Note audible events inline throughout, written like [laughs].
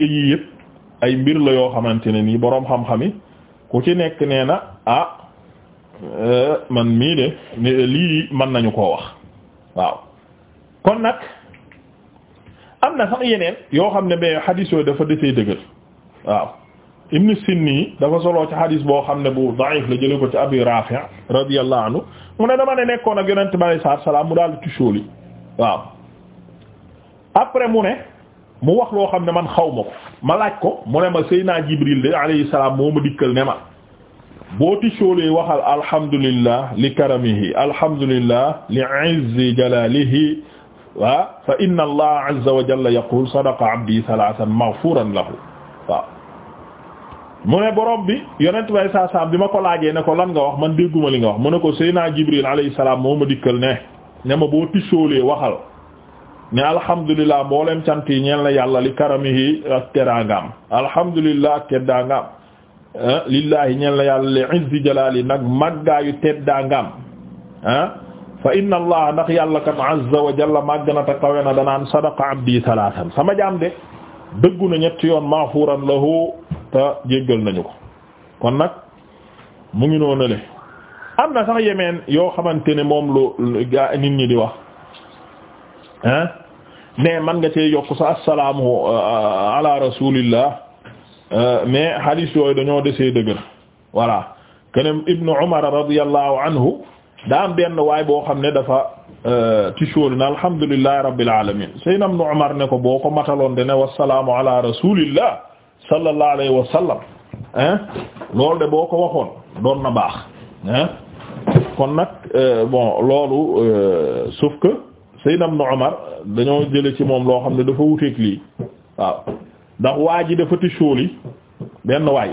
te yii yëpp ay mbir la yoo xamante ne nii boroom xam-xam yi ku ci nekk nee na ah euh, man mii de lii mën nañu ko wax waaw kon nag am na sax yeneen yoo xam ne mais xadiis yooyu dafa desee dëgër waaw Ibn Sinni dafa soloo ci xadiis boo xam ne bu da'if la jële ko ci Abi Rafi' radiyallahu anhu mu ne dama ne nekkoon ak yonent bi alayhi salaam mu daal di tushóoli waaw après mu ne mu wax loo xam ne man xaw ma ko ma laaj ko mu ne ma Seydina Jibril de alayhi moo ma dikkal ne ma boo tisoolee waxal alhamdulillah li karamihi alhamdulillah li izzi jalalihi waaw ah, fa inna allah azza wa jalla yaqul sadaqa abdi salaasan maghfuran lahu mu ne borom bi yonent bay saa saam bi ma ko laaje ne ko lan nga wax man dégguma li nga wax mu ne ko Seydina Jibril alayhi salaam moo ma dikkal ne ne ma boo tisoolee waxal ne alhamdulilah mboolem cant yi ñeel na yàlla li karamihi ak teraangaam alhamdulilah ak teddaangaam eh, lillahi ñeel na li izzi jalaali nag màggaayu teddaangaam ah eh, fa allah ndax yàlla kat azza wa jalla màgg na na danaan sadaqa abdi salaasan sama jaam de dëggu na ñetti yoon maafuuran lahu te jéggal nañu ko kon nag mu ngi noonu le am na sax yemeen yoo xamante ne moom lu gaa ñi di wax ah mais man nga cee yokk sa assalaamu euh, ala rasulillah euh, mais hadith yooyu dañoo desee dëgër voilà keneen ibnu umar radiyallahu anhu daa am benn waay boo xam ne dafa euh, tisóol na alhamdulillahi rabbil alamin sayna ibnu umar ne ko boo ko mataloon de ne wassalaamu ala rasulillah sallallahu alayhi wa sallam hein loolu de boo ko waxoon doon na baax hein kon nag bon loolu sauf que Seydina Ibn Umar dañoo jële ci moom loo xam ne dafa wuteeg lii waaw ndax waa ji dafa tisool yi benn waay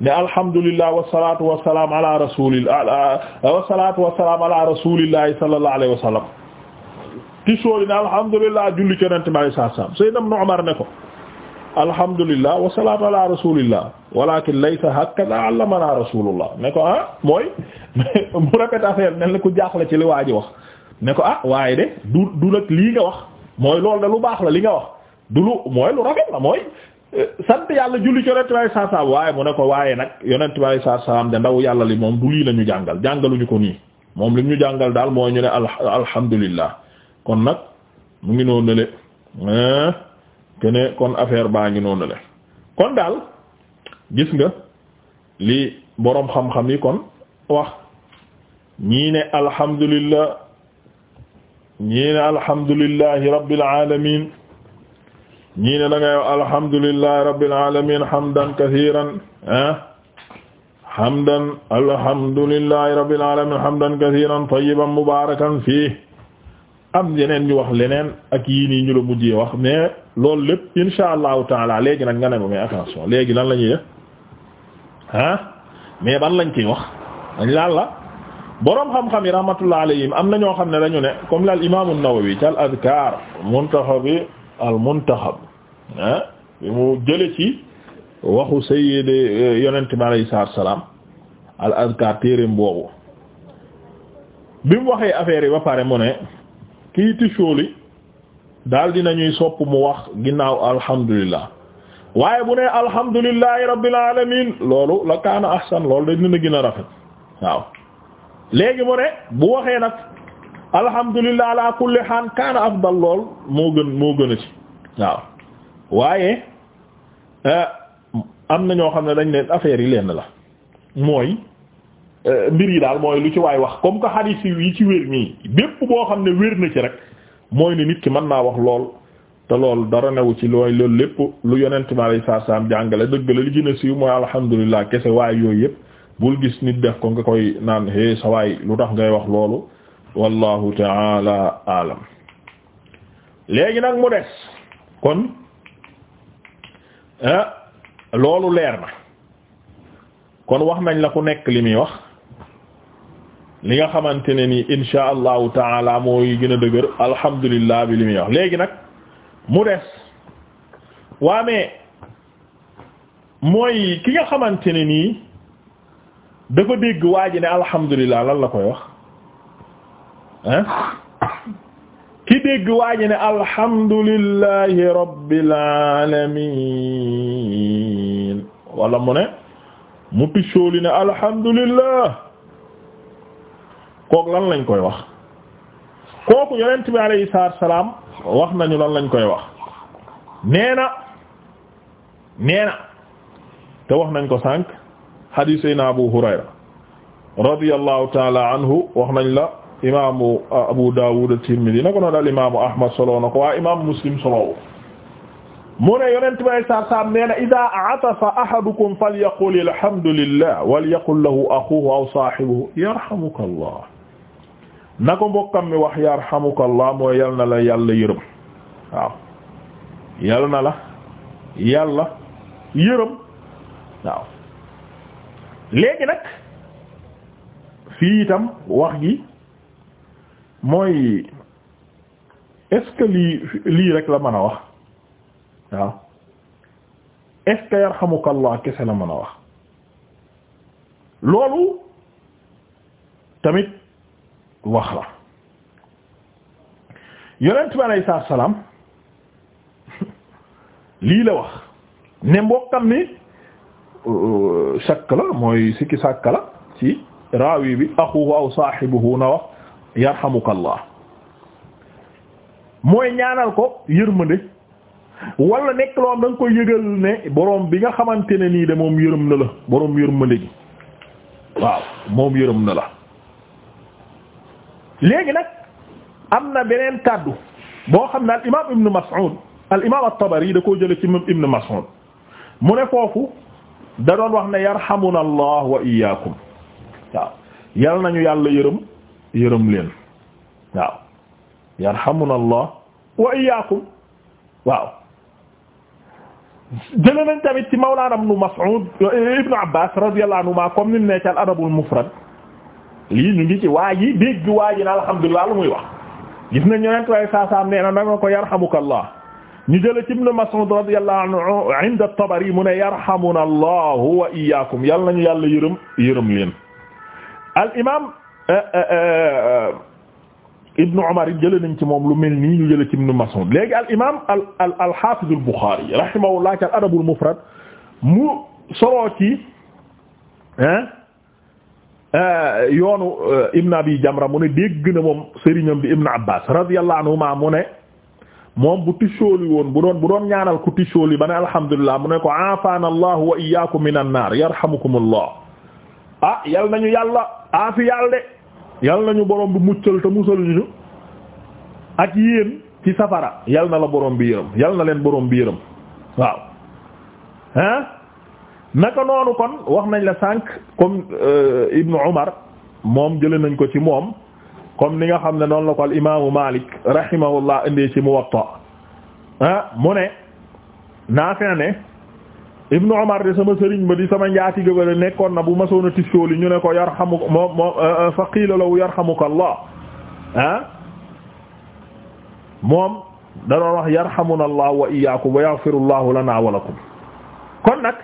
ne alhamdulillah wasalatu wasalam ala rasulillah wasalatu wasalam ala rasulillahi sallallahu alayhi wa sallam tisool yi ne alhamdulillah julli conente bi alayhi salaatu salaam Seydina Ibn Umar ne ko alhamdulillah wasalatu ala rasulillah walakin laysa hakada allamana rasulullah ne ko ah mooy [laughs] mu répété affaire mel ni ku jaaxle ci li waa ji wax ne ko ah waaye de du du nag lii nga wax mooy loolu da lu baax la li nga wax du lu mooy lu rafet la mooy eh, sant yàlla julli ci yonent bi sallallahu ne ko waaye nag yonent bi sallallahu alayhi wasallam de ndaw yàlla li moom du lii la ñu jàngal jàngaluñu ko nii moom li ñu jàngal daal mooy ñu ne alhamdulillah kon nag mu ngi noonu le kene kon affaire baa ngi noonu le kon daal gis nga li boroom xam-xam yi kon wax ñii ne alhamdulillah ñii ne alhamdulillahi rabbil alamin ñii ne da ngay wax alhamdulillahi rabbil alamin hamdan kathiran ah hamdan alhamdulillahi rabbil alamin hamdan kathiran tayyiban mubarakan fii am yeneen ñu wax leneen ak yii nii ñu la mujjee wax mais loolu lépp insha allahu taala léegi nag nga ne ma mais attention léegi lan la ñuy def ah mais ban lañ ciy wax dañ laal la boroom xam-xam yi rahmatullah alayhim am na ñoo xam ne dañu ne comme la imaamu an-Nawawi ci al-Adkaar muntaxabi al-muntaxab ah bi mu jële ci waxu sayyid eh, yonent bi alayhi salaam al-Adkaar téereem boobu bi mu waxee affaire yi ba pare mu ne kii tisóoli daal dinañuy sopp mu wax ginnaaw alhamdulillah waaye bu ne alhamdulillahi rabbil alamin loolu la kaana ahsan loolu dañ dina gën a rafet waaw léegi mu ne bu waxee nag alhamdulillah ala kulli xaan kaana afdal lool moo gën moo gën a ci waaw waaye eh, am na ñoo xam ne dañ ne affaire yi lenn la mooy eh, mbir yi daal mooy lu ci waay wax comme que hadith yi ci wér nii bépp boo xam ne wér na ci rek mooy ne nit ki mën naa wax lool te loolu dara newu ci looy loolu lépp lu yonent bi alayhi salaam jàngale dëgg la li gën a siiw mooy alhamdulillah kese waaye yooyu yëpp. bul gis nit def ko nga koy naan hé sawaay lu tax ngay wax loolu wallahu taala alam léegi nag mu des kon eh, loolu leer na kon wax nañ la ku nekk li muy wax li nga xamante ne ni insha allahu taala mooy gën a dëgër alhamdulillah bi li muy wax léegi nag mu des waamee mooy ki nga xamante ne nii dafa dégg waa ji ne alhamdulilah lan la koy wax hein ki dégg waa ji ne alhamdulillahi rabbil alamin wala mu ne mu piccooli ne alhamdulillah kook lan lañ koy wax kooku yonent bi alayhi salaatu salaam wax nañu lan lañ koy wax nee na nee na te wax nañ ko sànq hadis sayna Abu Hurayra radiyallahu taala anhu wax nañ la imaamu ah, Abu Dawud at-Tirmidhi na ko noon al imaamu Ahmad soloo na ko waa imaamu Muslim solowo mu ne yonent bay sar sam nee na ida atafa ahadukum falyaqul alhamdulillah walyaqul lahu axuhu aw saahibuhu yarhamuka allah na ko mbokkam mi wax yarhamuka allah mooy yal na la yàlla yërëm waaw yal na la yàlla yërëm waaw léegi nag fii itam wax gi mooy est lii lii rek la mën a wax waaw est-ce kese la mën a wax loolu tamit wax la yonent bi alayhi salaam [laughs] lii la wax ne mbokkam ni Euh, shakk la mooy sikki sàkk la ci raawi bi axuhu aw saahibuhu na wax yarhamukallah mooy ñaanal ko yërmande wala nekk loo am da nga koy ne boroom bi nga xamante ne nii de moom yërëm na la borom yërmande gi waaw moom léegi nag am na beneen kàddu boo xam ne al imaam ibn Mas'ud al imaam at-Tabari da koo jële ci moom ibn Mas'ud mu ne foofu da doon wax ne yarhamuna allah wa iyaakum waaw nañu yàlla yërëm yërëm leen waaw yarhamuna allah wa iyaakum waaw jëlee nañ tamit ci mawlaana ibnu Mas'ud ibnu Abbaas radiyallahu anhuma comme ni mu nekk al adabul mufrad lii ñu ngi ci waa ji dégg waa ji na alhamdulillah lu muy wax gis nañ ñeneen tubaab yi saa saa nee na na nga ko yarhamukallah ñu jële ci Ibn Mas'ud radiyallahu anhu inda Tabari mu ne yarhamuna allahu wa iyyakum yal nañu yàlla yërëm yërëm leen al imam eh, eh, eh, Ibn Umar yi jële nañ ci moom lu mel nii ñu jële ci Ibn Mas'ud léegi al imam al al al hafiz al Bukhari rahimahullah ci al adab al mufrad mu soroo ci yoonu Ibn Abi Jamra mu ne dégg na moom sëriñam bi Ibn Abbas radiyallahu anhuma mu ne moom bu tisóoli woon bu doon bu doon ñaanal ku tisóoli ba ne alhamdulilah mu ne ko afaana allah wa iyyakum minan naar yarhamukumullah ah yal nañu yàlla aafi yàlla de yal nañu borom bi muccal te musal ñu ak yéen ci safara yal na la borom bi yërëm yal na leen boroom bi yërëm waaw ah naka noonu kon wax nañ la sànq comme euh, Ibnu Umar moom jële nañ ko ci moom comme ni nga xam ne noonu la ko al imaamu Malik rahimahullah indee ci Muwatta ah mu ne Naafi' ne Ibnu Umar de sama sëriñ ba di sama njaati gëbala nekkoon na bu masoon a tissooli ñu ne ko yarhamu moom moom eh, eh, fa qiila lahu yarhamuka Allah ah moom da doon wax yarhamuna Allah wa iyyaakum wa yaghfiru Allahu lana wa kon nag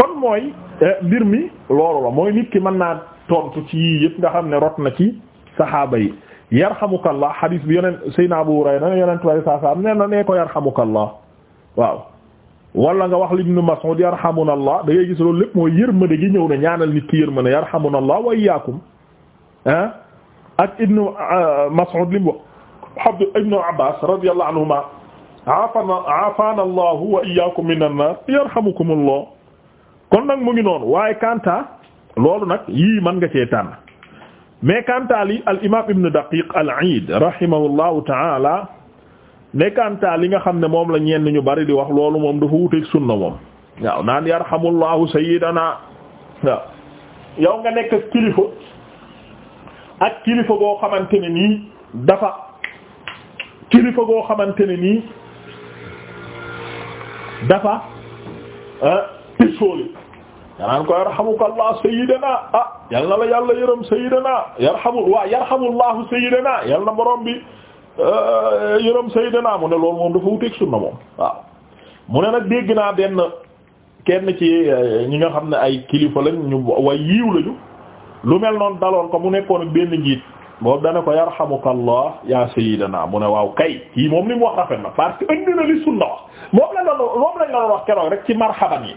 kon mooy eh, mbir mi loolu la mooy nit ki mën naa tontu ci yii yëpp nga xam ne rot na ci saxaaba yi yarhamukallah hadith bi yoneen Seydina Abu Hurayra ne yoneen tubaab saa saa nee na nee ko yarhamukallah waaw. wala nga wax li Ibn Mas'ud yarhamunallah da ngay gis loolu lépp mooy yërmande gi ñëw na ñaanal nit ki yërmande yarhamunallah wa iyyakum ah ak Ibn ah, Mas'ud li mu Abdu Ibn Abbas radiyallahu anhuma afana afana Allah wa iyyakum minan nar yarhamukumullah kon nag mu ngi noonu waaye Kanta loolu nag yii mën nga cee tànn. mais kantaali al imaam ibn daqiq al iid rahimahullahu taala mais kantaali nga xam ne moom la ñenn ñu bari di wax loolu moom dafa wuteeg sunna moom waaw naan yarhamullahu sayyidana waaw yow nga nekk ak kilifa ak kilifa goo xamante nii dafa kilifa goo xamante ne nii dafa ah, pétrole yanaan ko yarhamukallah sayyidana ah yal la yàlla yërëm sayyidana yarhamu waa yarhamullahu sayyidana yal na borom bi euh, yërëm sayyidana mu ne loolu moom dafa wuteeg sunna moom waaw mu dégg naa benn kenn ci euh, ñi nga xam ne ay kilifa lañ ñu way lañu lu mel noonu daloon ko mu nekkoon ak benn njiit boobu dana ko yarhamukallah ya sayyidana mu ne waaw kay kii moom li mu wax na parce que na li sunna wax moom la doon moom lañ la doon wax keroog rek ci marhaban yi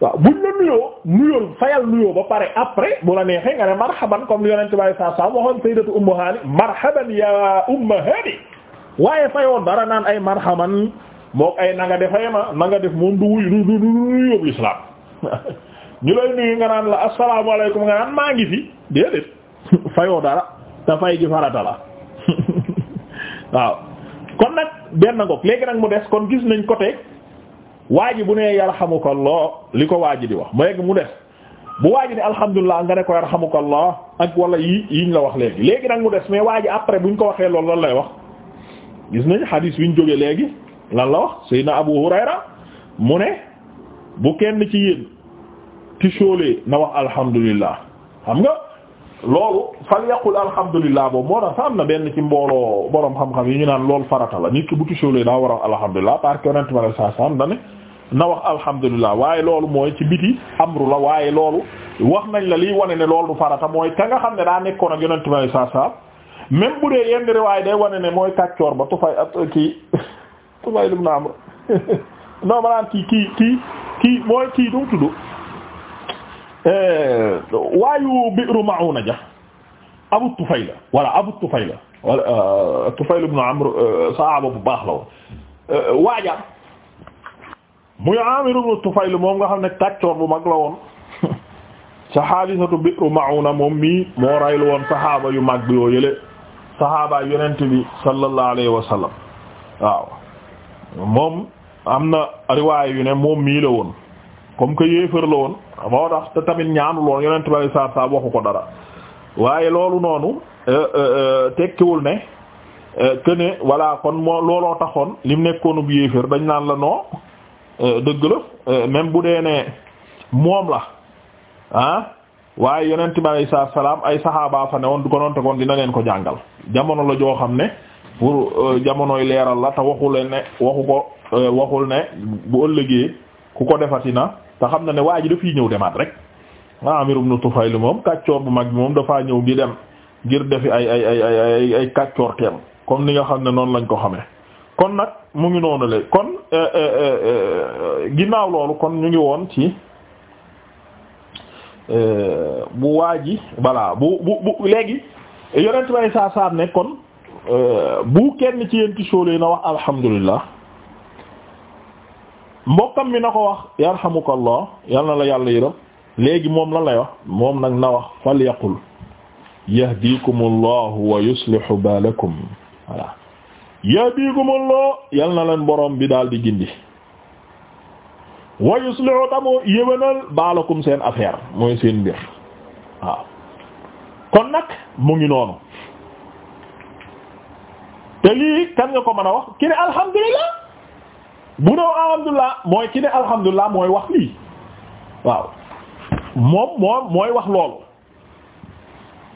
waaw buñ la nuyoo nuyoo fayal nuyoo ba pare après bu la neexee nga ne marhaban comme li yonent bi saa saa waxoon sayyidatu ummu haani marhaban ya ummu haani waaye fayoon dara naan ay marhaban mook ay na defee na nga def moom du wuy du du du nuyoo lislaam [laughs] ñu lay nuyu nga naan la assalaamu alaykum nga naan maa ngi fi déedéet [laughs] fayoo dara te fay ji farata la [laughs] waaw kon nag benn ngoog léegi nag mu des kon gis nañ côté. waaj waa ji bu nee yarhamukallah li ko waa ji di wax mu léegi mu des bu waaj ji ne alhamdulilah nga ne ko yarhamukallah ak wala yi yiñ la wax léegi léegi nag mu des mais waa ji après buñ ko waxee lool lan lay wax gis nañ xadiis wiñ jógee léegi lan la wax Seydina Abu Hurayra mu ne bu kenn ci yéen tisoolee na wax alhamdulilah xam nga loolu fal yaqul alhamdulilah boobu moo tax sax am na benn ci mbooloo borom xam-xam yi ñu naan loolu farata la nit ki bu tisoolee a na wax alhamdulilah waaye loolu mooy ci biti amru la waaye loolu wax nañ la liy wane ne loolu du farata mooy kanga xam ne daa nekkoon ak yonent may saa saa même bu dee yenn riwaay day wane ne mooy kàccoor ba tufay ak kii tufay lum na am ki maanaam kii kii kii kii mooy kii dum tudd eh, waayu bi'ru ma'una ja abu tufayla wala abu tufayla wala tufayl ibn amr euh, saaba bu baax la euh, waaja muy Aamir ibn moom nga xam ne tàccoor bu mag la woon [laughs] ca haadisatu Bi'ru Ma'una moom mii moo raylu woon sahaaba yu mag bi yoo yële sahaaba yonent bi sallallahu alayhi wa sallam waaw moom am na riwaay yu ne moom mii la woon comme que yéefar la woon moo tax te tamit ñaanul woon yonent bi alayhi salaatu salaam waxu ko dara waaye loolu noonu euh, euh, euh, tekkiwul ne que ne voilà kon moo looloo taxoon lim nekkoonub yéefar dañ naan la noo Euh, dëgg la euh, même bu dee nee moom la ah waaye yonent bi alayhi salaatu salaam ay saxaaba fa ne woon du ko noonte koon dina leen ko jàngal jamono la joo xam ne pour euh, jamonoy leeral la te waxu leen ne waxu ko waxul ne bu ëllëgee ku ko defati na te xam na ne waa ji dafiy ñëw demaat rek Aamir ah, ibn Tufayl moom kàccoor bu mag bi moom dafaa ñëw di dem ngir defi ay ay ay ay ay kàccoor teem comme ni nga xam ne noonu lañ ko xamee. kon nag mu ngi noonu la kon euh, euh, euh, ginnaaw loolu kon ñu ngi woon ci bu waa ji voilà bu bu bu léegi yonent bay saa saa ne kon bu kenn ci yéen tisoolee na wax alhamdulillah mbokkam mi na ko wax yarhamukallah yal na la yàlla yërëm léegi moom lan lay wax moom nag na wax fal yaqul yahdikumullahu wa yuslihu balakum yahdikumullah yal na leen borom bi daal di gindi wa yuslihu tamu yéwénal baalakum seen affaire mooy seen mbir waaw kon nag mu ngi noonu te lii kan nga ko mën a wax ki ne alhamdulillah bu new alhamdulillah mooy ki mooy wax lii waaw moom moom mooy wax loolu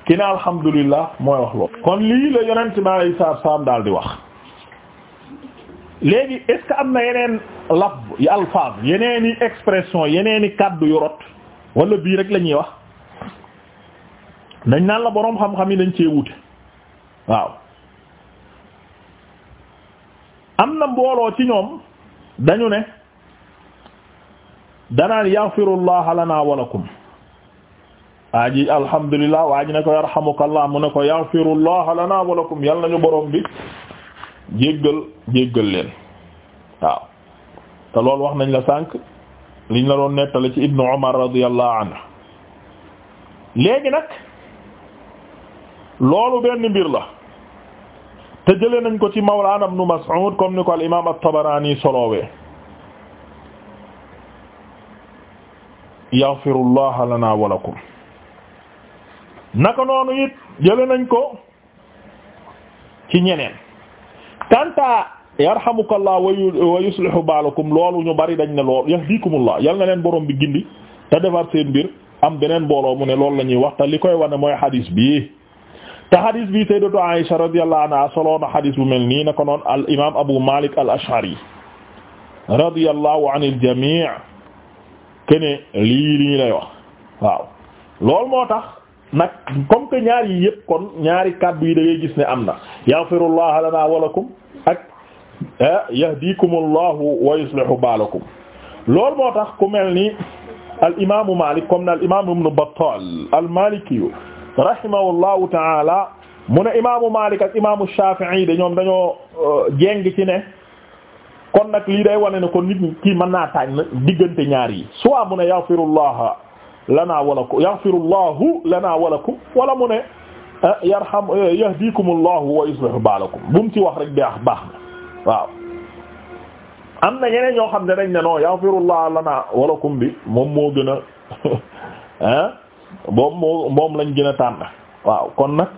ki ne alhamdulillah mooy wax loolu kon lii la yonent bi alayhi salaam daal di wax léegi est ce am na yeneen laf yi alfaaz yeneen i expression yeneen i kàddu yu rot walla bii rek lañuy wax dañ naan la boroom xam-xam yi dañ cee wute waaw am na mbooloo ci ñoom dañu ne danaan yaghfirullah lana wa lakum waa ji alhamdulillah waa ji ne ko yarhamukallah mu ne ko yaghfirullah lana wa lakum yàlla nañu boroom bi jéggal jéggal leen waaw te loolu wax nañ la sànq liñ la doon nettali ci ibnu Umar radiyallahu anhu léegi nag loolu benn mbir la te jëlee nañ ko ci mawlaana ibnu Mas'ud comme ni ko al imaam at-Tabarani solowee yaghfirullaha lana wa naka noonu it jëlee nañ ko ci ñeneen kanta yarhamukallah wa yuslihu baalakum loolu ñu bari dañ ne lool yahdikumullah yal na leen borom bi gindi te defar seen mbir am beneen mbooloo mu ne loolu la ñuy wax te li koy wane mooy hadis bii te hadis bii sayyidatu Aisha radiyallahu anha solo na hadis bu mel nii a ko noon al imaam Abu Malik al Ash'ari radiyallahu anil jamii kene lii nii lay wax waaw loolu que ñaar yi yëpp kon ñaari kàddu yi da ngay gis ne am na yaghfirullahu lana wa lakum ak eh, yahdikumullahu wa yuslihu baalakum loolu moo tax ku mel ni al imaamu Maalik comme al imaamu ibnu Battaal ta'ala mu ne imaamu Maalik ak imaamu Shaafi'i de ñoom dañoo eh, jéng ci ne kon ne kon nit ki mën diggante ñaar yi soit mu ne yaghfirullaha lanaa walakum yaghfirullahu lanaa walakum wala mu ne eh, yarham eh, yahdikumullahu wa yuslihu baalakum bu mu ci wax rek baax baax na waaw am na ñeneen ñoo xam ne dañ ne non yaghfirullahu lana walakum bi moom moo gën a ah [laughs] moom moom lañ gën a tànn waaw kon nag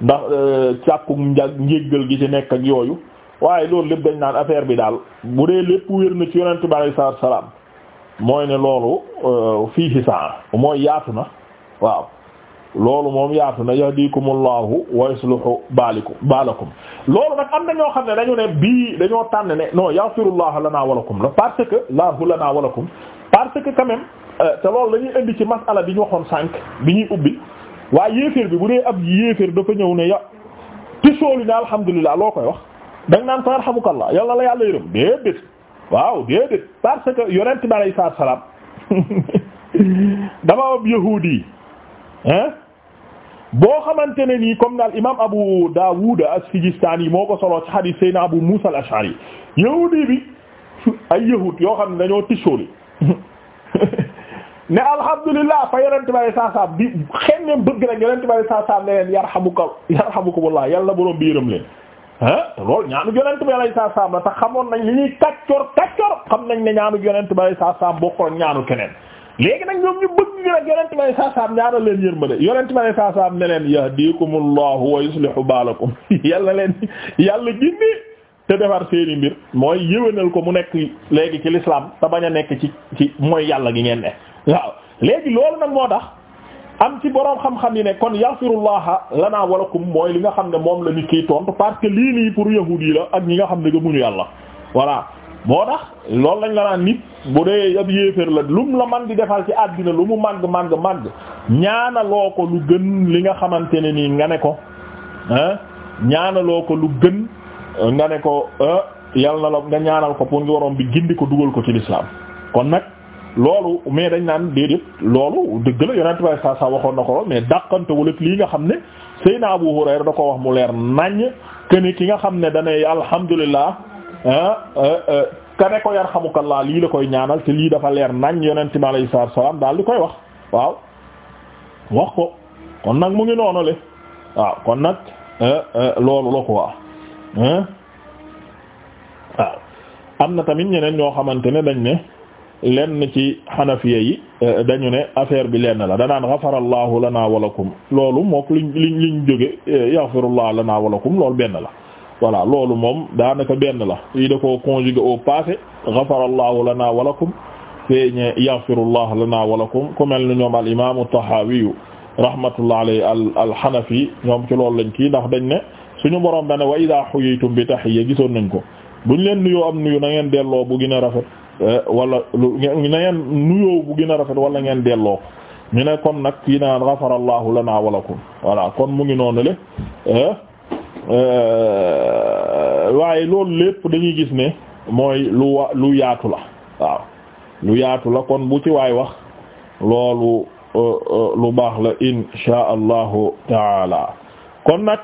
ndax càkku njag njéggal gi ci nekk ak yooyu waaye loolu lépp dañ naan affaire bi daal bu dee lépp wér na ci yonent bi alayhi salaam mooy ne loolu euh, fiihi saa mooy yaatu na waaw loolu moom yaatu na yahdikumullahu wa yuslihu baalikum baalakum loolu nag am na ñoo xam ne dañu ne bii dañoo tànn ne non yaghfirullahu lana walakum la parce que lahu lana walakum parce que quand même euh, te loolu la ñuy indi ci masala bi ñu waxoon sànq bi ñuy ubbi waa yéeféer bi bu dee ab yéeféer dafa ñëw ne ya tisooli ne alhamdulillah loo koy wax dañ naan ko yarhamukallah yàlla la yàlla yërëm déedéet waaw déedéet parce que yonent bi alayhi salaatu salaam [laughs] dama ab yahuudi hein boo xamante ne nii comme daal imaam Abu Daawud as-Sijistaani moo ko solo ci hadiis Seydina Abu Muusa al-Ash'ari yahuudi bi [laughs] ay yahuud yoo xam ne dañoo tisóoli [laughs] ne alhamdulillah fa yonent bi alayhi salaatu salaam bi xëy na bëgg rek yonent bi alayhi salaatu salaam ne leen yarhamuka yarhamukumullah yàlla bi yërëm leen. te loolu ñaanu yonent bi alayhi salaam la te xamoon nañ li ñuy kàccor kàccor xam nañ ne ñaanu yonent bi alayhi salaam bokkul ak ñaanu keneen léegi nag ñoom ñu bëgg ñu nag yonent bi alayhi salaam ñaanal leen yërmande yonent bi alayhi salaam ne leen yahdikumullahu wa yuslihu baalakum [laughs] yàlla leen yàlla gindi te defar seeni mbir mooy yéwénal ko mu nekk léegi ci l'islam te bañ a nekk ci ci mooy yàlla gi ngeen ne waaw léegi loolu nag moo tax. am ci boroom xam-xam yi ne kon la yaxfirullaha lana walakum mooy li nga xam ne moom la nit kiy tontu parce que lii nii pour yahuud yi la ak ñi nga xam ne gëmuñu yàlla voilà boo tax loolu lañ la naan nit bu dee ab yéeféer la lum la man di defal ci àddina lu mu màgg màgg màgg ñaanaloo ko lu gën li nga xamante ne nii nga ne ko ah ñaanaloo ko lu gën euh, nga ne ko euh, yal na la nga ñaanal ko pour nga waroon bi gindi ko dugal ko ci lislaam kon nag loolu mais dañ naan déedéet loolu dëgg la yonent bay saa saa waxoon na ko mais dàqantewul ak lii nga xam ne Seydina Abu Hurayra da ko wax mu leer naññ que ki nga xam ne danay alhamdulillah ah, ah, ah, ka ne ko yarhamukallah lii la koy ñaanal te lii dafa leer nañ yonent bi alayhi salaatu salaam daal di koy wax waaw wax ko kon nag mu ngi noonu le waaw kon nag loolu la quoi waaw am na tamit ñeneen ñoo xamante ne dañ ne lenn ci xanafiya yi eh, dañu ne affaire bi lenn la danaan gafarallahu lana walakum loolu mook liñ liñ liñ jóge eh, yaxfirullah lana walakum lool benn la voilà loolu moom daanaka benn la yi da ko conjugué au passé gafarallahu lana walakum feeñe yaxfirullah lana walakum ku mel ni ñoom al imaamu tahawiyu rahmatullah alayhi al xanafi ñoom ci loolu lañ kii ndax dañ ne suñu borom dane wa idaa xuyitum bi tahiyya gisoon nañ ko buñ leen nuyoo am nuyu na ngeen bu gina rafet Eh, wala lu na ngeen nuyoo bu gën a rafet walla ngeen delloo ñu ne kon nag fii naan ghafarallahu lana wa lakum voilà kon mu ngi noonu le eh, eh, waaye loolu lépp dañuy gis ne mooy lu yaatu la waaw lu yaatu la kon bu ci waay wax loolu lu baax la insha allahu taala kon nag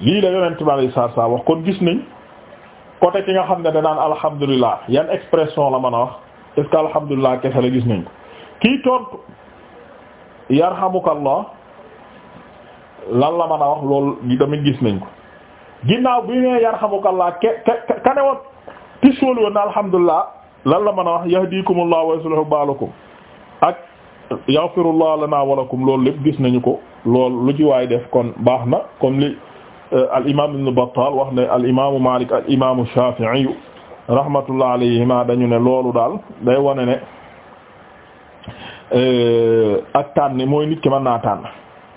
lii la yonent bi alayhi salaatu wax kon gis nañ côté ki nga xam ne danaan alhamdulilah yan expression la mën a wax est que alhamdulilah kese la gis nañ ko kii tontu yarhamukallah lan la mën a wax loolu tamit gis nañ ko ginnaaw bi nee yarhamukallah ke ke ka ne woon tissuol woon na alhamdulilah lan la mën a wax yahdikumullah wa yuslihu baalakum ak yaghfirullah lana wa lakum loolu lépp gis nañu ko loolu lu ci waay def kon baax na comme li Euh, al imaam Ibn Battal wax ne al imaamu Malik al imaamu Shafi'i rahmatullah alayhima dañu ne loolu daal day wane ne euh, ak tànni mooy nit ki mën naa tànn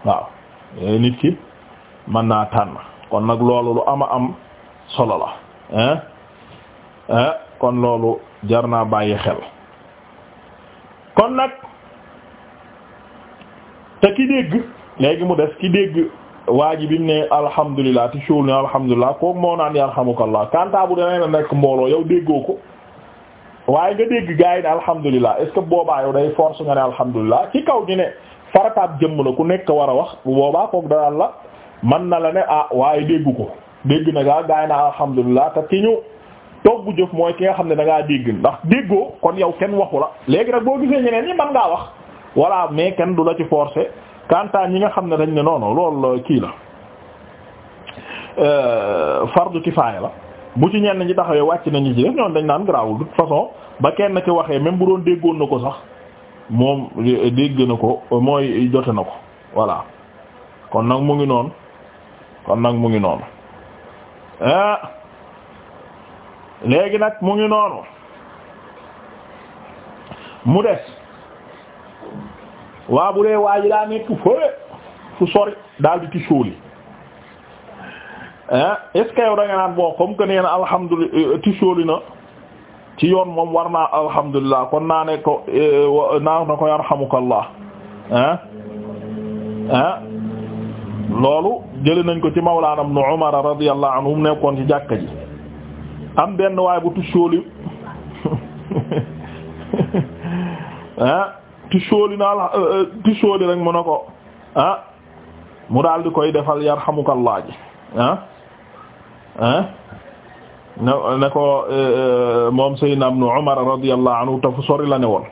waaw eh, nit ki mën naa tànn kon nag loolu lu ama am solo la hein kon loolu jar na bàyyi xel kon nag te ki dégg léegi mu des ki dégg waa ji bi mu ne alhamdulilah ti suul ne alhamdulilah kooku moo naan yarhamukallah kanta bu dana nekk mbooloo yow déggoo ko waaye nga dégg gaa yi ne alhamdulilah est ce que boobaa yow day force nga ne alhamdulilah ci kaw ñu ne farataab jëmm la ku nekk war a wax bu boobaa da daal la man na la ne ah waaye dégg ko dégg na gaa gaa yi na alhamdulilah te ki ñu toog jëf mooy ki nga xam ne da ngaa dégg ndax déggoo kon yow kenn waxu la léegi nag boo gisee ñeneen ñi mën ngaa wax voilà mais kenn du la ci forcer. kantaan yi nga xam ne dañ ne noonu loolu kii la euh, fardu kifaaya la bu ci ñenn ñi taxawee wàcc nañu ci def ñoom dañ naan garaawul de façon ba kenn ki waxee même bu doon déggoon na ko sax moom dégg na ko mooy jote na ko voilà kon nag mu ngi noonu kon nag mu ngi noonu ah. léegi nag mu ngi noonu mu des waa bu dee waa ji daa nekk fële fu sori daal di ci sóoli est ce naan bon comme que nee na alhamdulilah ci yoon moom war naa alhamdulilah kon naa ne ko eh, naa na ko yarhamukallah ah ah loolu jëli nañ ko ci mawlaana ibn Umar radiyallahu anhu mu nekkoon ci jàkka ji am benn waay bu ti sóoli [laughs] tisóoli naa tisóoli euh, euh, rek mu ne ko ah mu daal di koy defal yarhamukallah ji ah ah ne ko euh, moom Seydina Ibnu Umar radiyallahu anhu te fu sori la ne woon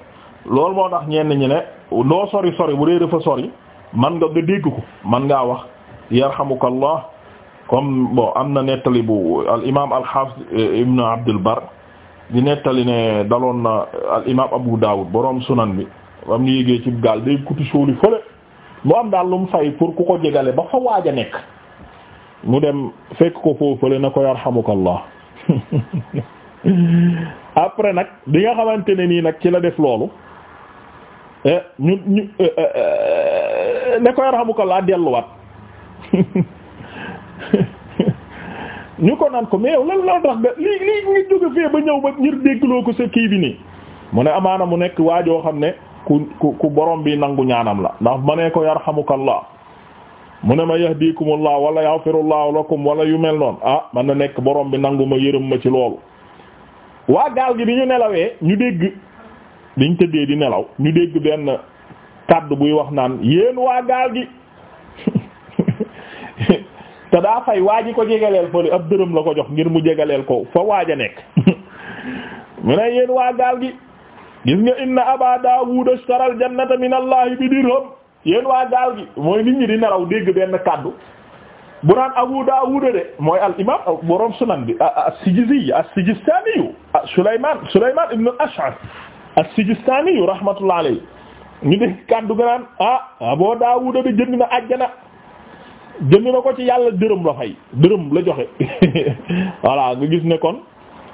loolu moo tax ñenn ñi ne loo sori sori bu dee dafa sori man nga nga dégg ko man ngaa wax yarhamukallah comme bon am na nettali bu al imaam al hafiz ibnu Abdul di nettali ne daloon na al imaam Abu Dawud boroom sunan bi bam ñu yéegee ci gaal day kuti sóoli fële mu am daal lu mu fay pour ku ko jegale ba fa waaj a nekk mu dem fekk ko foofu fële na ko yarhamukallah [laughs] après nag bi nga xamante ne nii nag ci la def loolu eh, ñu ñu eh, eh, ne ko yarhamukallah delluwaat [laughs] ñu ko naan ko mais lan la tax ba lii lii ngi jóge fee ba ñëw ba ngir déggloo ko sa kii bi nii mu ne amaana mu nekk waajoo xam ne ku ku borom bi nangu ñaanam la ndax ma ne ko yarhamukallah mu ne ma yahdikumullah wala yaghfirullahu lakum wala yu mel noonu ah man na nekk borom bi nangu ma yërëm ma ci loolu waa gaal gi bi ñu nelawee ñu dégg biñ tëddee di nelaw ñu dégg benn kàddu buy wax naan yéen waa gaal gi [laughs] te daa fay waa ji ko jegaleel fële ab dërëm la ko jox ngir mu jegaleel ko fa waaj a nekk [laughs] mu ne yéen waa gaal gi gis nga inna aba daawud ashtara al jannata min allahi bi dirham yéen waa gaal gi mooy nit ñi di nelaw dégg benn kàddu bu naan abu daawud de mooy al imam borom sunan bi as-sijizi as-sijistani sulayman sulayman ibn al-ash'ath as-sijistani rahmatullah ñu dégg kàddu ga naan ah abu daawud de jënd na àjjana jënd na ko ci yàlla dërëm la fay dërëm la joxe [laughs] voilà nga gis ne kon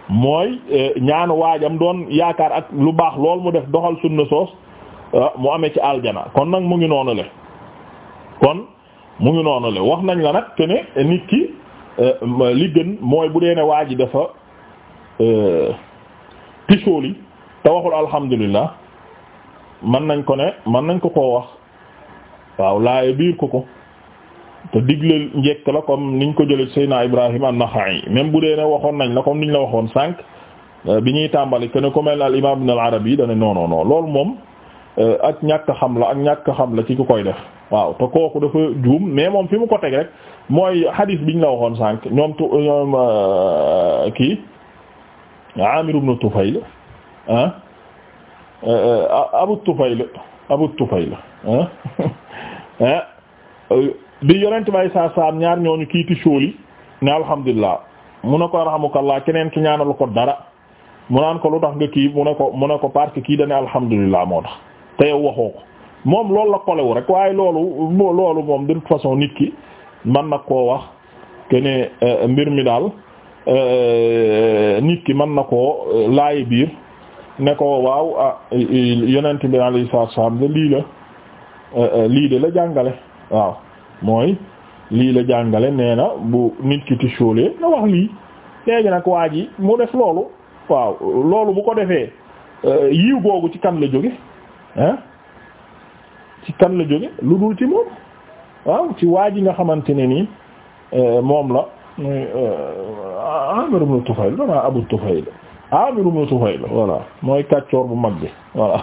mooy eh, ñaanu waajam doon yaakaar ak lu baax lool mu def doxal sunna soos eh, mu amee ci aljana kon nag mu ngi noonu le kon mu ngi noonu le wax nañ la nag te ne nit ki eh, li gën mooy bu dee ne waa ji dafa tisooli te waxul alhamdulillah mën nañ ko ne mën nañ ko koo wax waaw laay biir ko ko te digle njekk la comme niñ ko jëlee Seyna Ibrahim an yi même bu dee ne waxoon nañ la comme niñ la waxoon sànq euh, bi ñuy tàmbali que ne ku mel ne al imaam Ibn al-Arabi yi dana non loolu moom euh, ak ñàkk xam la ak ñàkk xam la ci ku koy def waaw te kooku dafa juum mais moom fi mu ko teg rek mooy hadith biñ la waxoon sànq ñoom tu ñoom euh, kii Aamir ibn Tufayl ah Abu Tufayl Abu ah. [laughs] bi yonent bay saa saam ñaar ñooñu kiiti sóoli ne alhamdulilah mu ne ko arhamukallah keneen ki ñaanalu ko dara mu naan ko lu tax nga kii mu ne ko mu ne ko parce kii dane alhamdulilah moo tax te yow waxoo ko moom loolu la kolewu rek waaye loolu loolu moom de toute façon nit ki man na koo wax ke euh, mbir mi daal euh, nit ki mën na koo euh, laayi biir ne ko waaw ah yonent bi alayhi salaatu wa salaam lii la lii de la jàngale waaw mooy lii la jàngale nee na bu nit ki tichoolee na wax lii léegi nag waa ji mu def loolu waaw loolu bu ko defee euh, yiw googu ci kan la jóge ah ci kan la jóge lu dul ci moom waaw ci waa ji nga xamante ne nii euh, moom la euh, Amir ibn Tufayl dama Abu Tufayl Amir ibn Tufayl voilà mooy kàccoor bu mag bi voilà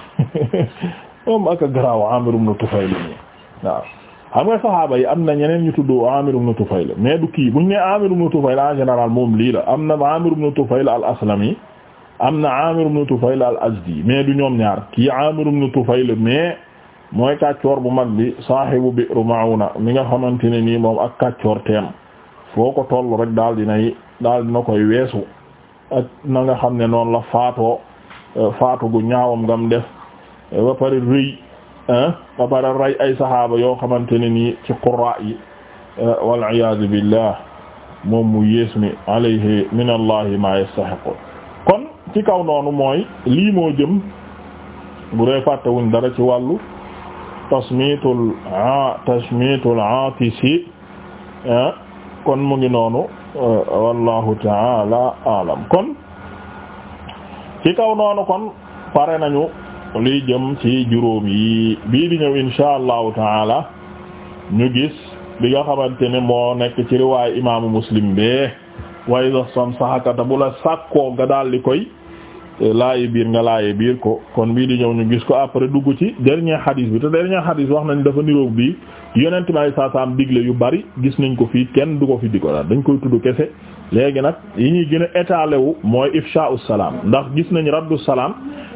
[laughs] moom ak a garaaw Amir ibn Tufayl nii waaw xam nga saxaaba yi am na ñeneen ñu tudd Amir ibn Tufayl mais du kii buñ ne Amir ibn Tufayl en général lii la am na Amir ibn Tufayl al-Aslami am na Amir ibn Tufayl al-Azdi mais du ñoom ñaar kii Amir ibn Tufayl mais mooy kàccoor bu mag bi saahibu Bi'r Ma'una mi nga xamante ne nii moom ak kàccoor teem foo ko toll rek daal dinay daal dina koy weesu ak na nga xam ne noonu la faatoo faatu gu ñaawam ngam def ba pare rëy Ah, ba pare rey ay saxaaba yoo xamante ne nii ci qurra yi ah, wal iyaadu billah mu yées mi alayhi min allahi ma yastahiqu kon ci kaw noonu mooy lii moo jëm bu dee fàttewuñ dara ci wàllu tasmitul a tasmitul aatisi ah, kon mu ngi noonu wallahu taala alam kon ci kaw noonu kon pare nañu li jëm ci juróom yi bii di ñëw insha allahu taala ñu gis bi nga xamante ne moo nekk ci riwaay imaamu muslim bee waaye sax sam saxakata bu la sàkkoo nga daal di koy eh, laayi biir nga laayi biir ko kon bii di ñëw ñu gis ko après dugg ci dernier hadith bi te dernier hadith wax nañ dafa niroog bii yonent bi saa saasaam digle yu bari gis nañ ko fii kenn du ko fi digo dañ koy tudd kese léegi nag yi ñuy gën a étalé wu mooy ifsha'u salaam ndax gis nañ raddu salaam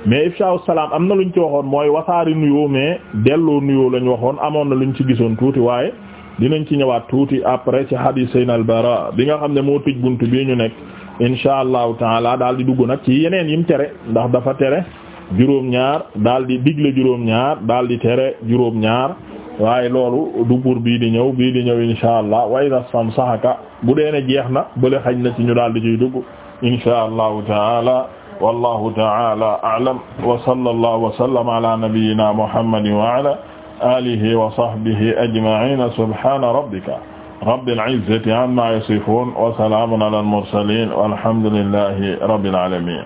mais ifsha'u salaam am na lu ñu ci waxoon mooy wasaari nuyoo mais delloo nuyoo lañ waxoon amoon na lu ñu ci gisoon tuuti waaye dinañ ci ñëwaat tuuti après ci hadith Seydina al-Bara bi nga xam ne moo tëj bunt bii ñu nekk insha allahu taala daal di dugg nag ci yeneen yim tere ndax dafa tere juróom-ñaar daal di digle juróom daal di tere juróom-ñaar. waaye loolu du pour bii di ñëw bii di ñëw insha allah wa ida samsahaka bu dee ne jeex na bële xaj na ci ñu daal di ciy dugg insha allahu taala wallahu taala a'lam wa sallallahu wa sallama ala nabiyyina muhammadin wa ala alihi wa sahbihi ajma'ina subhana rabbika rabbil izzati amma yasifun wa salamun ala al mursalin walhamdulillahi rabbil alamin